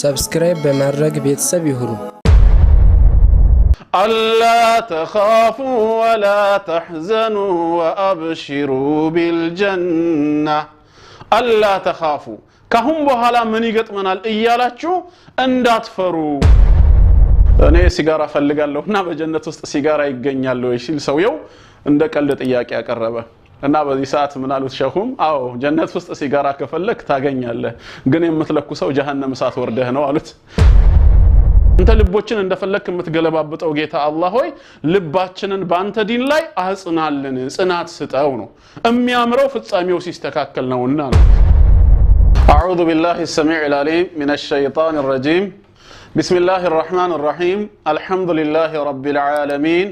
ሰብስክራይብ በማድረግ ቤተሰብ ይሁኑ። አላ ተኻፉ ወላ ተሕዘኑ ወአብሽሩ ቢልጀና። አላ ተኻፉ ካሁን በኋላ ምን ይገጥመናል እያላችሁ እንዳትፈሩ። እኔ ሲጋራ ፈልጋለሁና በጀነት ውስጥ ሲጋራ ይገኛል ወይ ሲል ሰውየው እንደ ቀልድ ጥያቄ አቀረበ። እና በዚህ ሰዓት ምን አሉት ሸሁም አዎ ጀነት ውስጥ ሲጋራ ከፈለክ ታገኛለህ ግን የምትለኩ ሰው ጀሃነም እሳት ወርደህ ነው አሉት አንተ ልቦችን እንደፈለክ የምትገለባብጠው ጌታ አላህ ሆይ ልባችንን በአንተ ዲን ላይ አጽናልን ጽናት ስጠው ነው የሚያምረው ፍጻሜው ሲስተካከል ነውና ነው أعوذ بالله السميع العليم من الشيطان الرجيم بسم الله الرحمن الرحيم الحمد لله رب العالمين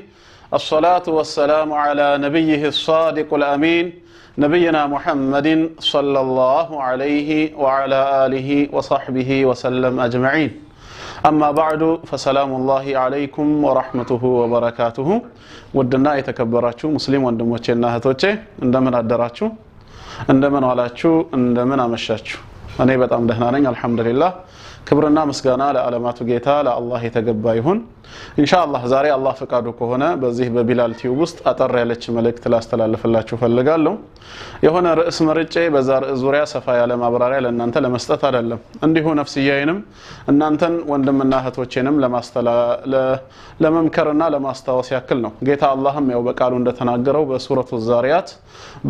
الصلاة والسلام على نبيه الصادق الأمين نبينا محمد صلى الله عليه وعلى آله وصحبه وسلم أجمعين أما بعد فسلام الله عليكم ورحمته وبركاته ودنا يتكبراتشو مسلم وندموتشنا هتوتشي اندمن أدراتشو اندمن ولاتشو اندمن أمشاتشو እኔ በጣም ደህና ነኝ الحمد لله كبرنا ለዓለማቱ ጌታ ለአላህ የተገባ ይሁን ኢንሻአላህ ዛሬ አላህ ፈቃዱ ከሆነ በዚህ በቢላል ቲዩብ ውስጥ አጠር ያለች መልእክት ላስተላልፍላችሁ ፈልጋለሁ። የሆነ ርዕስ መርጬ በዛ ርዕስ ዙሪያ ሰፋ ያለ ማብራሪያ ለእናንተ ለመስጠት አይደለም። እንዲሁ ነፍስያዬንም እናንተን ወንድምና እህቶቼንም ለመምከርና ለማስታወስ ያክል ነው። ጌታ አላህም ያው በቃሉ እንደተናገረው በሱረቱ ዛሪያት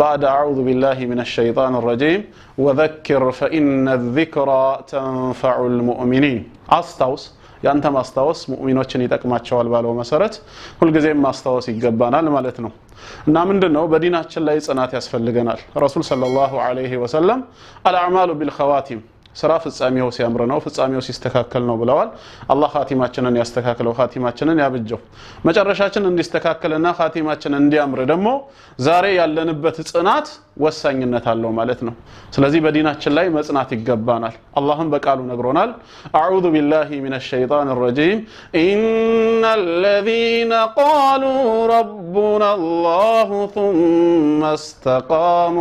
ባዕድ አዑዙ ቢላሂ ሚነ ሸይጣን ረጂም ወዘኪር ፈኢነ ዚክራ ተንፈዑ ልሙእሚኒን አስታውስ ያንተ ማስታወስ ሙእሚኖችን ይጠቅማቸዋል ባለው መሰረት ሁልጊዜም ማስታወስ ይገባናል ማለት ነው እና ምንድን ነው በዲናችን ላይ ጽናት ያስፈልገናል ረሱል ሰለላሁ ዐለይሂ ወሰለም አልአዕማሉ ቢልኸዋቲም ስራ ፍጻሜው ሲያምር ነው፣ ፍጻሜው ሲስተካከል ነው ብለዋል። አላህ ኻቲማችንን ያስተካክለው፣ ኻቲማችንን ያብጀው። መጨረሻችን እንዲስተካከልና ኻቲማችን እንዲያምር ደግሞ ዛሬ ያለንበት ጽናት ወሳኝነት አለው ማለት ነው። ስለዚህ በዲናችን ላይ መጽናት ይገባናል። አላህም በቃሉ ነግሮናል። አዑዙ ቢላሂ ሚነ ሸይጣን ረጂም ኢነ ለዚነ ቃሉ ረቡና አላሁ ሱመ ስተቃሙ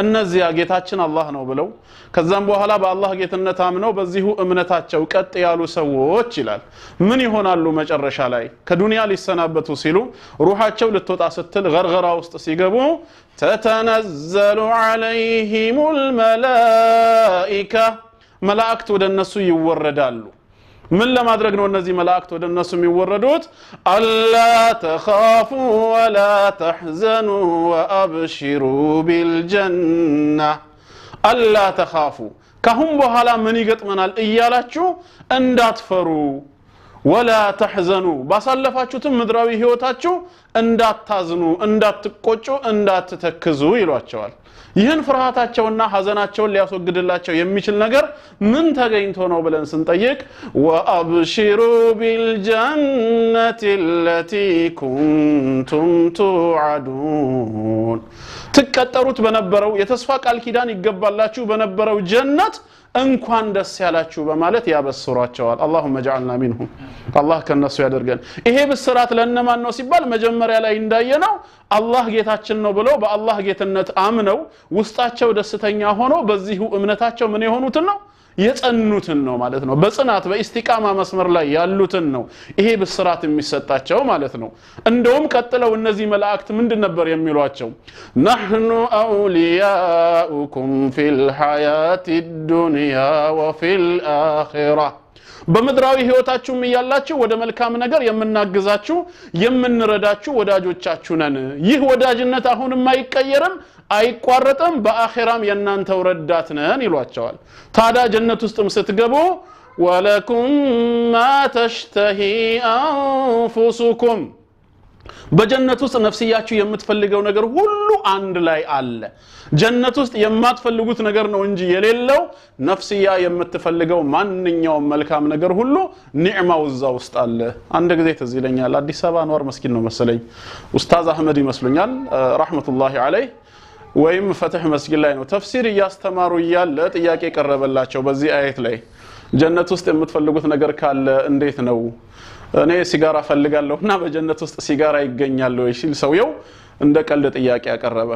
እነዚያ ጌታችን አላህ ነው ብለው ከዛም በኋላ በአላህ ጌትነት አምነው በዚሁ እምነታቸው ቀጥ ያሉ ሰዎች ይላል ምን ይሆናሉ መጨረሻ ላይ ከዱንያ ሊሰናበቱ ሲሉ ሩሃቸው ልትወጣ ስትል ገርገራ ውስጥ ሲገቡ ተተነዘሉ ዐለይሂም ልመላኢካ መላእክት ወደ እነሱ ይወረዳሉ ምን ለማድረግ ነው እነዚህ መላእክት ወደ እነሱ የሚወረዱት? አላ ተኻፉ ወላ ተሕዘኑ ወአብሽሩ ቢልጀና አላ ተኻፉ፣ ካሁን በኋላ ምን ይገጥመናል እያላችሁ እንዳትፈሩ ወላ ተሕዘኑ ባሳለፋችሁትም ምድራዊ ህይወታችሁ እንዳታዝኑ፣ እንዳትቆጩ፣ እንዳትተክዙ ይሏቸዋል። ይህን ፍርሃታቸውና ሐዘናቸውን ሊያስወግድላቸው የሚችል ነገር ምን ተገኝቶ ነው ብለን ስንጠይቅ ወአብሽሩ ቢልጀነት ለቲ ኩንቱም ቱዓዱን ትቀጠሩት በነበረው የተስፋ ቃል ኪዳን ይገባላችሁ በነበረው ጀነት እንኳን ደስ ያላችሁ በማለት ያበስሯቸዋል። አላሁመ ጅዐልና ሚንሁም አላህ ከነሱ ያደርገን። ይሄ ብስራት ለእነማን ነው ሲባል መጀመሪያ ላይ እንዳየ ነው። አላህ ጌታችን ነው ብለው በአላህ ጌትነት አምነው ውስጣቸው ደስተኛ ሆኖ በዚሁ እምነታቸው ምን የሆኑትን ነው የጸኑትን ነው ማለት ነው። በጽናት በኢስቲቃማ መስመር ላይ ያሉትን ነው ይሄ ብስራት የሚሰጣቸው ማለት ነው። እንደውም ቀጥለው እነዚህ መላእክት ምንድን ነበር የሚሏቸው? ናህኑ አውሊያኡኩም ፊልሐያት ዱንያ ወፊል በምድራዊ ህይወታችሁም እያላችሁ ወደ መልካም ነገር የምናግዛችሁ የምንረዳችሁ ወዳጆቻችሁ ነን። ይህ ወዳጅነት አሁንም አይቀየርም፣ አይቋረጥም። በአኼራም የእናንተው ረዳት ነን ይሏቸዋል። ታዳ ጀነት ውስጥም ስትገቡ ወለኩም ማ ተሽተሂ አንፉሱኩም በጀነት ውስጥ ነፍስያችሁ የምትፈልገው ነገር ሁሉ አንድ ላይ አለ። ጀነት ውስጥ የማትፈልጉት ነገር ነው እንጂ የሌለው ነፍስያ የምትፈልገው ማንኛውም መልካም ነገር ሁሉ ኒዕማው እዛ ውስጥ አለ። አንድ ጊዜ ትዝ ይለኛል፣ አዲስ አበባ አንዋር መስጊድ ነው መሰለኝ ኡስታዝ አህመድ ይመስሉኛል ረሕመቱላሂ አለይ ወይም ፈትሕ መስጊድ ላይ ነው ተፍሲር እያስተማሩ እያለ ጥያቄ ቀረበላቸው በዚህ አየት ላይ ጀነት ውስጥ የምትፈልጉት ነገር ካለ እንዴት ነው እኔ ሲጋራ ፈልጋለሁና በጀነት ውስጥ ሲጋራ ይገኛል ወይ ሲል ሰውየው እንደ ቀልድ ጥያቄ አቀረበ።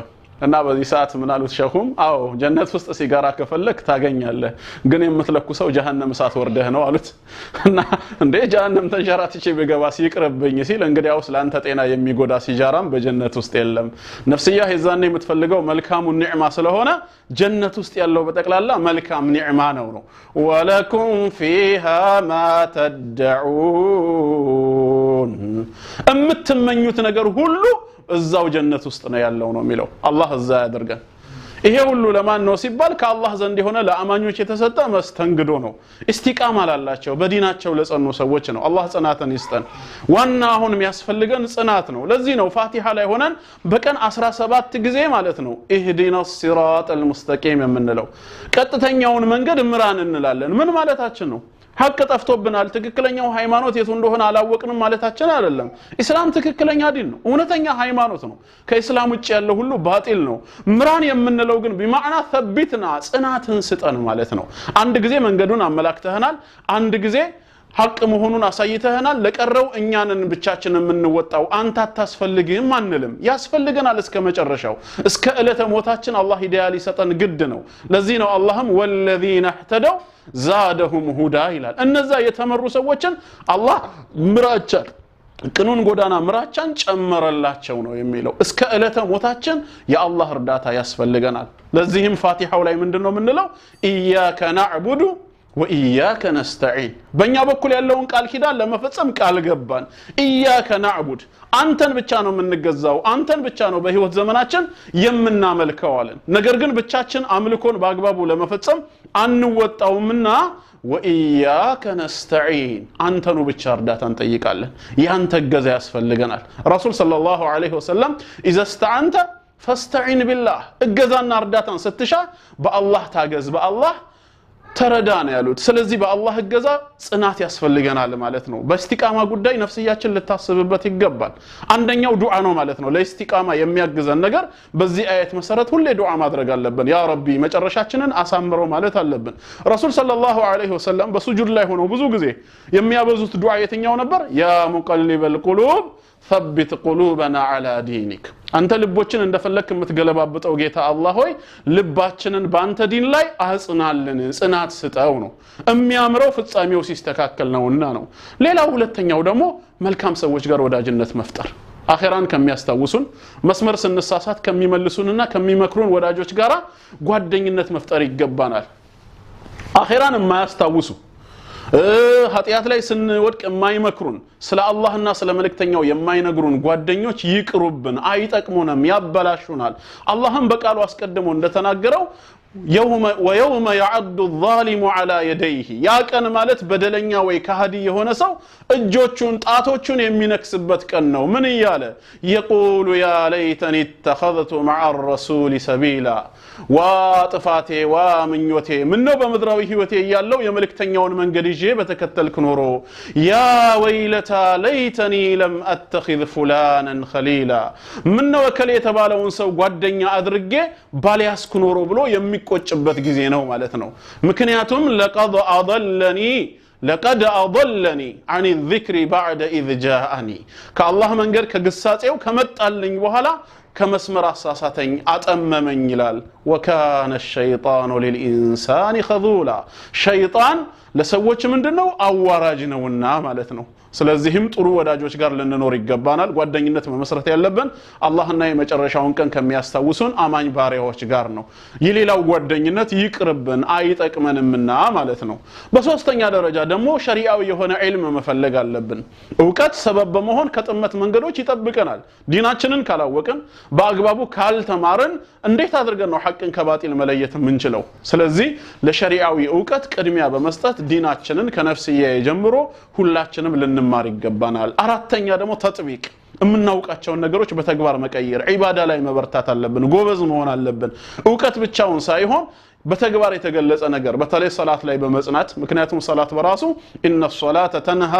እና በዚህ ሰዓት ምን አሉት ሸኹም? አዎ ጀነት ውስጥ ሲጋራ ከፈለክ ታገኛለህ፣ ግን የምትለኩሰው ጀሀነም እሳት ወርደህ ነው አሉት። እና እንዴ ጀሀነም ተንሸራትቼ ብገባ ሲቅርብኝ ሲል እንግዲያውስ ለአንተ ጤና የሚጎዳ ሲጃራም በጀነት ውስጥ የለም። ነፍስያ የዛኔ የምትፈልገው መልካሙ ኒዕማ ስለሆነ ጀነት ውስጥ ያለው በጠቅላላ መልካም ኒዕማ ነው ነው ወለኩም ፊሃ ማ ተደዑን የምትመኙት ነገር ሁሉ እዛው ጀነት ውስጥ ነው ያለው ነው የሚለው አላህ እዛ ያደርገን ይሄ ሁሉ ለማን ነው ሲባል ከአላህ ዘንድ የሆነ ለአማኞች የተሰጠ መስተንግዶ ነው እስቲቃማ አላላቸው በዲናቸው ለጸኑ ሰዎች ነው አላህ ጽናትን ይስጠን ዋና አሁን የሚያስፈልገን ጽናት ነው ለዚህ ነው ፋቲሃ ላይ ሆነን በቀን 17 ጊዜ ማለት ነው ኢህዲና ሲራጥ አልሙስተቂም የምንለው ቀጥተኛውን መንገድ ምራን እንላለን ምን ማለታችን ነው ሀቅ ጠፍቶብናል ትክክለኛው ሃይማኖት የቱ እንደሆነ አላወቅንም ማለታችን አይደለም ኢስላም ትክክለኛ ዲን ነው እውነተኛ ሃይማኖት ነው ከኢስላም ውጭ ያለው ሁሉ ባጢል ነው ምራን የምንለው ግን ቢማዕና ተቢትና ጽናትን ስጠን ማለት ነው አንድ ጊዜ መንገዱን አመላክተህናል አንድ ጊዜ ሀቅ መሆኑን አሳይተህናል። ለቀረው እኛንን ብቻችን የምንወጣው አንተ አታስፈልግህም አንልም። ያስፈልገናል እስከ መጨረሻው እስከ ዕለተ ሞታችን አላህ ሂዳያ ሊሰጠን ግድ ነው። ለዚህ ነው አላህም ወለዚነ እህተደው ዛደሁም ሁዳ ይላል። እነዛ የተመሩ ሰዎችን አላህ ምራቻን ቅኑን ጎዳና ምራቻን ጨመረላቸው ነው የሚለው። እስከ ዕለተ ሞታችን የአላህ እርዳታ ያስፈልገናል። ለዚህም ፋቲሐው ላይ ምንድን ነው የምንለው? ኢያከ ናዕቡዱ ወኢያከ ነስተዒን በእኛ በኩል ያለውን ቃል ኪዳን ለመፈጸም ቃል ገባን። ኢያከ ናዕቡድ አንተን ብቻ ነው የምንገዛው፣ አንተን ብቻ ነው በህይወት ዘመናችን የምናመልከዋለን ነገር ግን ብቻችን አምልኮን በአግባቡ ለመፈጸም አንወጣውምና ወኢያከ ነስተዒን አንተኑ ብቻ እርዳታ እንጠይቃለን። ያንተ እገዛ ያስፈልገናል። ረሱል ሰለላሁ ዐለይሂ ወሰለም ኢዘ ስተዐንተ ፈስተዒን ቢላህ፣ እገዛና እርዳታን ስትሻ በአላህ ታገዝ በአላህ ነው ያሉት። ስለዚህ በአላህ እገዛ ጽናት ያስፈልገናል ማለት ነው። በእስቲቃማ ጉዳይ ነፍስያችን ልታስብበት ይገባል። አንደኛው ዱዓ ነው ማለት ነው። ለእስቲቃማ የሚያግዘን ነገር በዚህ አየት መሰረት ሁሌ ዱዓ ማድረግ አለብን። ያ ረቢ መጨረሻችንን አሳምረው ማለት አለብን። ረሱል ሰለላሁ ዐለይሂ ወሰለም በሱጁድ ላይ ሆነው ብዙ ጊዜ የሚያበዙት ዱዓ የትኛው ነበር? ያ ሙቀሊበል ቁሉብ ሰቢት ቁሉበና ዐላ ዲኒክ አንተ ልቦችን እንደፈለክ የምትገለባብጠው ጌታ አላ ሆይ ልባችንን በአንተ ዲን ላይ አጽናልን፣ ጽናት ስጠው ነው። የሚያምረው ፍጻሜው ሲስተካከል ነውና ነው። ሌላው ሁለተኛው ደግሞ መልካም ሰዎች ጋር ወዳጅነት መፍጠር አኼራን ከሚያስታውሱን መስመር ስንሳሳት ከሚመልሱንና ከሚመክሩን ወዳጆች ጋር ጓደኝነት መፍጠር ይገባናል። አኼራን የማያስታውሱ ኃጢአት ላይ ስንወድቅ የማይመክሩን ስለ አላህና ስለ መልእክተኛው የማይነግሩን ጓደኞች ይቅሩብን፣ አይጠቅሙንም፣ ያበላሹናል። አላህም በቃሉ አስቀድሞ እንደተናገረው ወየውመ የዐዱ ዛሊሙ ዐላ የደይህ ያ ቀን ማለት በደለኛ ወይ ከሃዲ የሆነ ሰው እጆቹን ጣቶቹን የሚነክስበት ቀን ነው። ምን እያለ የቁሉ ያ ለይተኒ ተኸዘቱ መዓ ረሱሊ ሰቢላ፣ ዋ ጥፋቴ፣ ዋ ምኞቴ፣ ምነው በምድራዊ ህይወቴ እያለው የመልእክተኛውን መንገድ ይዤ በተከተልክ ኖሮ። ያ ወይለታ ለይተኒ ለም አተኺዝ ፉላነን ኸሊላ፣ ምነው እከሌ የተባለውን ሰው ጓደኛ አድርጌ ባልያዝኩ ኖሮ ብሎ የሚ የሚቆጭበት ጊዜ ነው ማለት ነው ምክንያቱም ለቀድ አضለኒ ለቀድ አضለኒ አን ዚክሪ ባዕደ ኢዝ ጃአኒ ከአላህ መንገድ ከግሳጼው ከመጣልኝ በኋላ ከመስመር አሳሳተኝ፣ አጠመመኝ ይላል። ወካነ ሸይጣኑ ሊልኢንሳን ከዙላ ሸይጣን ለሰዎች ምንድን ነው አዋራጅ ነውና ማለት ነው። ስለዚህም ጥሩ ወዳጆች ጋር ልንኖር ይገባናል። ጓደኝነት መመስረት ያለብን አላህና የመጨረሻውን ቀን ከሚያስታውሱን አማኝ ባሪያዎች ጋር ነው። የሌላው ጓደኝነት ይቅርብን አይጠቅመንምና ማለት ነው። በሶስተኛ ደረጃ ደግሞ ሸሪአዊ የሆነ ዒልም መፈለግ አለብን። እውቀት ሰበብ በመሆን ከጥመት መንገዶች ይጠብቀናል። ዲናችንን ካላወቅን በአግባቡ ካልተማርን እንዴት አድርገን ነው ሐቅን ከባጢል መለየት የምንችለው? ስለዚህ ለሸሪዓዊ እውቀት ቅድሚያ በመስጠት ዲናችንን ከነፍስያ ጀምሮ ሁላችንም ልንማር ይገባናል። አራተኛ ደግሞ ተጥቢቅ የምናውቃቸውን ነገሮች በተግባር መቀየር፣ ዒባዳ ላይ መበርታት አለብን፣ ጎበዝ መሆን አለብን። እውቀት ብቻውን ሳይሆን በተግባር የተገለጸ ነገር፣ በተለይ ሰላት ላይ በመጽናት ምክንያቱም ሰላት በራሱ ኢነ ሶላተ ተንሃ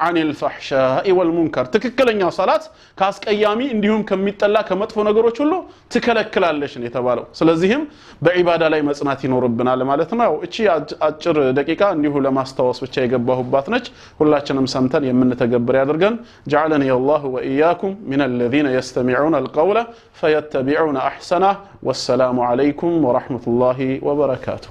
عن الفحشاء والمنكر تككلن صلاة كاسك أيامي انديهم كم ميت الله كم تفونا قروا شلو تكلك لا لشني تبالو سلزهم بعبادة لا يمسناتين ربنا لما لتنا او اتشي اتشر دقيقة انديه لما استواص بچه يقبه باثنج هلا چنم سمتن يمن تقبر يادرقن جعلني الله وإياكم من الذين يستمعون القول فيتبعون أحسنه والسلام عليكم ورحمة الله وبركاته